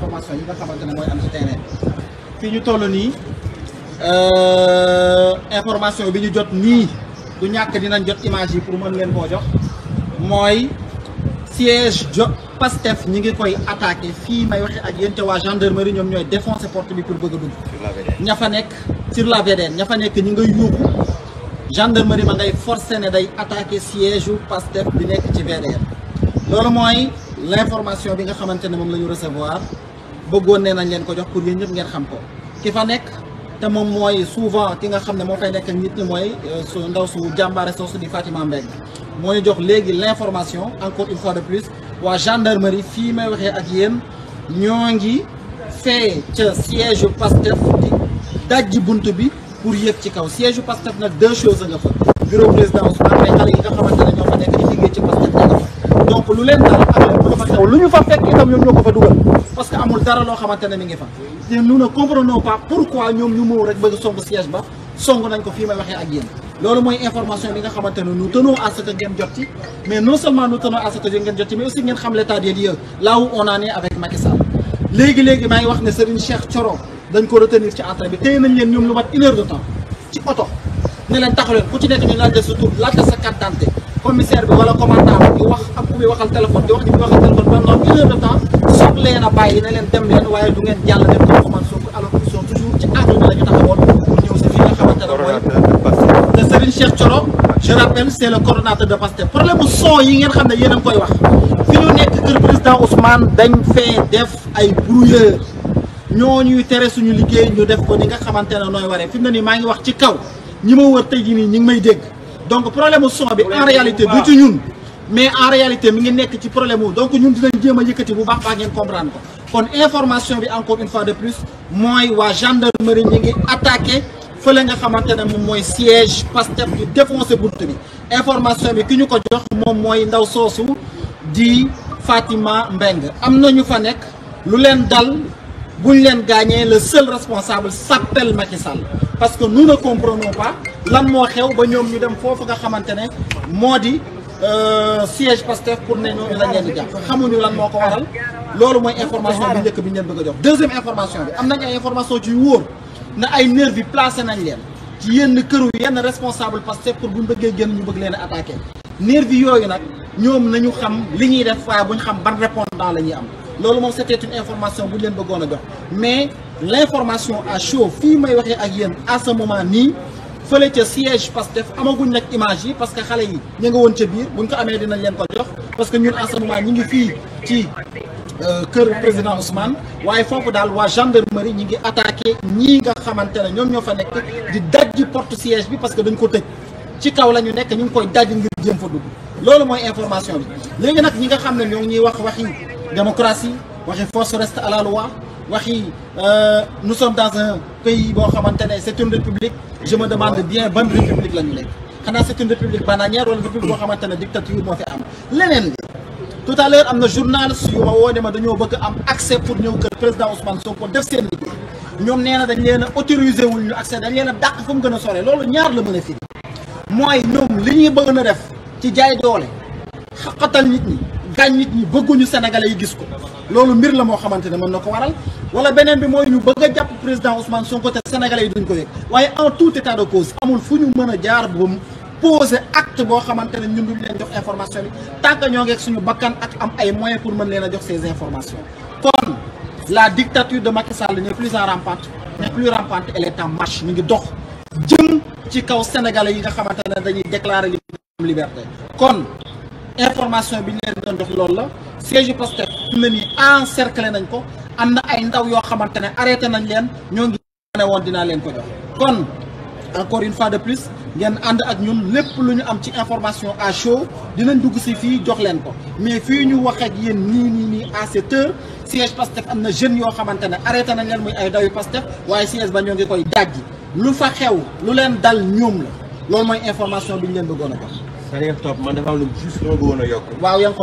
information yi nga xamante ne mooy am ci terrain fii ñu toll nii euh, information bi ñu jot nii du ñàkk dinañ jot image yi pour mën leen koo jox mooy siège jo Pastef ñi ngi koy attaqué fii may waxe ak yéen te waa gendarmerie ñoom ñooy défoncé porte bi pour bëgg a dugg ña fa nekk sur la VDN ña fa nekk ñi ngay yuuxu gendarmerie ma ngay forcé ne day attaqué siège u Pastef bi nekk ci VDN loolu mooy l' information bi nga xamante ne moom la ñu recevoir bëggoon nee nañ leen ko jox pour yéen ñëpp ngeen xam ko ki fa nekk te moom mooy souvent ki nga xam ne moo fay nekk nit ñi mooy euh, su ndaw su jàmbaare soosu di Fatima Mbengue moo ñu jox léegi l'information encore une fois de plus waa gendarmerie fii may waxee ak yéen ñoo ngi fee ca siège Pastef di dajji bunt bi pour yëg ci kaw siège Pastef nag deux choses nga fa bureau président Ousmane ay xale yi nga xamante ne ñoo fa nekk di liggéey ci Pastef donc lu leen daal ak amul dara loo xamante ne mi ngi fa te nous ne comprenons pas pourquoi ñoom ñu mëw rek bëgg song ba song nañ ko fii may waxee ak yéen loolu mooy information bi nga xamante ne nous tenons à ce ngeen jot ci mais non seulement nous tenons à ce ngeen jot ci mais aussi ngeen xam l'état de temps ci oto sa tur commissaire bi wala commandant bi wax ak ku waxal téléphone di wax di muy waxal téléphone pendant une heure de temps leen a bàyyi ne leen dem leen waaye du ngeen jàll dem ci Ousmane Sonko alors qu'ils sont toujours ci àdduna la ñu taxawoon pour ñëw si fii nga xamante ne mooy te problème bu yi ngeen xam ne yéen koy wax fi ñu nekk kër président Ousmane dañ fee def ay brouilleur ñoo ñuy tere suñu liggéey ñu def ko ni nga xamante ne nooy waree fi ne nii maa ngi wax ci kaw ñi ma wër tey jii nii ñi ngi may dégg donc problème bu bi en réalité du ci ñun mais en réalité mi ngi nekk ci problème wu donc ñun dinañ jéem a yëkkati bu baax baa ngeen comprendre ko kon information bi encore une fois de plus mooy waa gendarmerie ñi ngi attaqué fële nga xamante ne moom mooy siège Pastef ñu défoncé bunt bi information bi ki ñu ko jox moom mooy ndaw soosu di Fatima Mbeng am na ñu fa nekk lu leen dal buñ leen gaañee le seul responsable s'appelle Macky Sall parce que nu ne comprenons pas lan moo xew ba ñoom ñu dem foofu nga xamante ne moo di Euh, siège Pastef pour ne ñooñu lañ leen di jàpp xamuñu lan moo ko waral loolu mooy information bi njëkk bi ñu leen bëgg jox deuxième information bi am nañ ay information ci wóor na ay nervi placé nañ leen ci yenn këru yenn responsable Pastef pour buñ bëggee génn ñu bëgg leen a attaqué nervi yooyu nag ñoom nañu xam li ñuy def waaye buñ xam ban répondant la ñuy am loolu moom c'était une information buñ leen bëggoon a jox mais l'information à chaud fii may waxee ak yéen à moment nii fële ca siège Pastef amaguñ nag image yi parce que xale yi ñu nga woon ca biir buñ ko amee dinañ leen ko jox parce que ñun en ce moment ñu ngi fii ci euh, kër président Ousmane waaye foofu daal waa gendarmerie ñi ngi attaqué ñi nga xamante ne ñoom ñoo fa nekk di daj porte siège bi parce que dañ ko tëj ci kaw la ñu nekk ñu ngi koy dajji ngir jëm fa dugg loolu mooy information bi léegi nag ñi nga xam ne ñoo ngi ñuy wax waxi démocratie waxi force reste à la loi waxi euh, nous sommes dans un pays boo xamante ne c'est une république je me demande bien ban république la ñu nekk xanaa c'est une république bananière wala république boo xamante ne dictature moo fi am leneen li am na journaliste yu ma woo ne ma dañoo bëgg am accès pour ñëw kër président Ousmane Sonko def seen liggéey ñoom nee na dañ leen a autorisé wul ñu accès dañ leen a dàq fu mu gën a sore loolu ñaar la mën a firi mooy ñoom li ñuy bëgg na def ci jaay doole xaqatal nit ñi gaañ nit ñi bëgguñu sénégalais yi gis ko loolu mbir la moo xamante ne mën na ko waral wala beneen bi mooy ñu bëgg jàpp président Ousmane Sonko te sénégalais yi duñ ko yëg waaye en tout état de cause amul fu ñu mën a jaar boobu posé acte boo xamante ne ñun duñ leen jox information bi tant que ñoo ngeeg suñu bakkan ak am ay moyens pour mën leen a jox ces informations kon la dictature de Macky Sall n'est plus en rampante n'est plus rampante elle est en ngi dox jëm ci kaw sénégalais yi nga xamante ne dañuy déclarer liberté kon information bi ñu leen loolu la siège Pastef am na ni encerclé nañ ko am na ay ndaw yoo xamante ne arrêté nañ leen ñoo ngi ne woon dinaa leen ko jox kon encore une fois de plus ngeen ànd ak ñun lépp lu ñu am ci information à chaud dinañ dugg si fii jox leen ko mais fii ñu wax ak yéen nii nii nii à cette heure siège Pastef am na jeunes yoo xamante ne arrêté nañ leen muy ay ndaw yu Pastef waaye siège ba ñoo ngi koy dajji lu fa xew lu leen dal ñoom la loolu mooy information bi ñu leen bëggoon a jox.